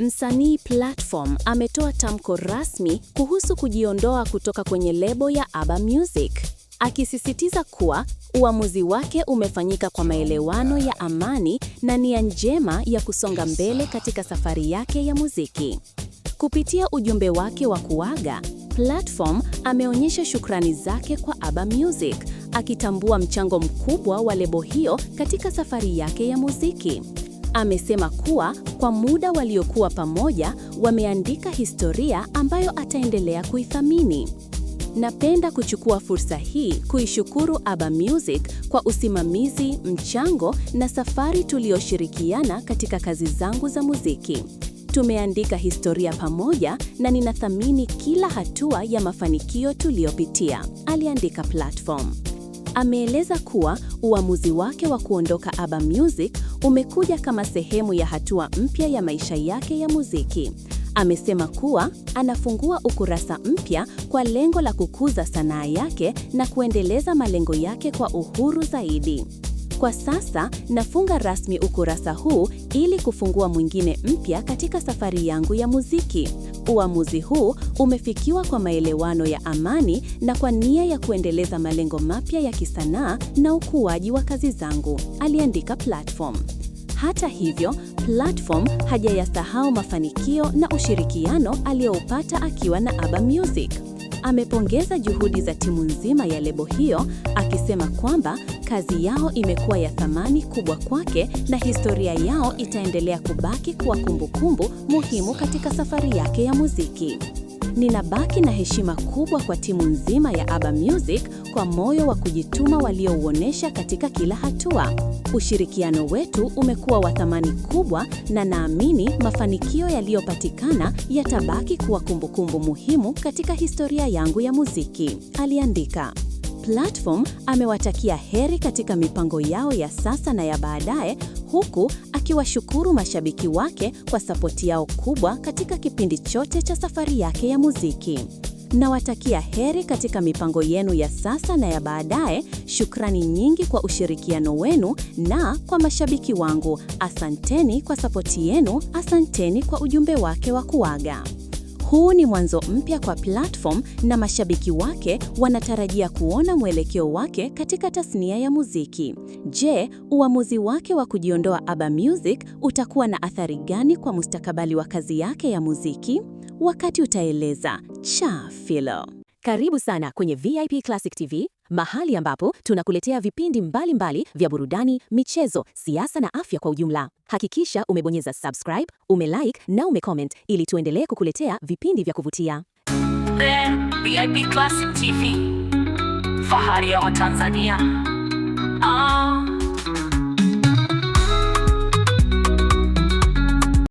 Msanii Platform ametoa tamko rasmi kuhusu kujiondoa kutoka kwenye lebo ya Aba Music, akisisitiza kuwa uamuzi wake umefanyika kwa maelewano ya amani na nia njema ya kusonga mbele katika safari yake ya muziki. Kupitia ujumbe wake wa kuaga, Platform ameonyesha shukrani zake kwa Aba Music, akitambua mchango mkubwa wa lebo hiyo katika safari yake ya muziki. Amesema kuwa kwa muda waliokuwa pamoja wameandika historia ambayo ataendelea kuithamini. Napenda kuchukua fursa hii kuishukuru Aba Music kwa usimamizi, mchango na safari tuliyoshirikiana katika kazi zangu za muziki. Tumeandika historia pamoja na ninathamini kila hatua ya mafanikio tuliyopitia, aliandika Platform. Ameeleza kuwa uamuzi wake wa kuondoka Aba Music umekuja kama sehemu ya hatua mpya ya maisha yake ya muziki. Amesema kuwa anafungua ukurasa mpya kwa lengo la kukuza sanaa yake na kuendeleza malengo yake kwa uhuru zaidi. Kwa sasa nafunga rasmi ukurasa huu ili kufungua mwingine mpya katika safari yangu ya muziki. Uamuzi huu umefikiwa kwa maelewano ya amani na kwa nia ya kuendeleza malengo mapya ya kisanaa na ukuaji wa kazi zangu, aliandika Platform. Hata hivyo, Platform hajayasahau mafanikio na ushirikiano aliyoupata akiwa na Aba Music amepongeza juhudi za timu nzima ya lebo hiyo akisema kwamba kazi yao imekuwa ya thamani kubwa kwake na historia yao itaendelea kubaki kuwa kumbukumbu muhimu katika safari yake ya muziki. Ninabaki na heshima kubwa kwa timu nzima ya Aba Music kwa moyo wa kujituma waliouonyesha katika kila hatua. Ushirikiano wetu umekuwa wa thamani kubwa na naamini mafanikio yaliyopatikana yatabaki kuwa kumbukumbu muhimu katika historia yangu ya muziki, aliandika. Platform amewatakia heri katika mipango yao ya sasa na ya baadaye, huku akiwashukuru mashabiki wake kwa sapoti yao kubwa katika kipindi chote cha safari yake ya muziki. Nawatakia heri katika mipango yenu ya sasa na ya baadaye. Shukrani nyingi kwa ushirikiano wenu na kwa mashabiki wangu. Asanteni kwa sapoti yenu, asanteni kwa ujumbe wake wa kuaga. Huu ni mwanzo mpya kwa platform na mashabiki wake wanatarajia kuona mwelekeo wake katika tasnia ya muziki. Je, uamuzi wake wa kujiondoa Aba Music utakuwa na athari gani kwa mustakabali wa kazi yake ya muziki? Wakati utaeleza. Cha Philo. Karibu sana kwenye VIP Classic TV mahali ambapo tunakuletea vipindi mbalimbali mbali vya burudani, michezo, siasa na afya kwa ujumla. Hakikisha umebonyeza subscribe, umelike na umecomment ili tuendelee kukuletea vipindi vya kuvutia. Then, VIP Classic TV. Fahari ya Watanzania. Ah.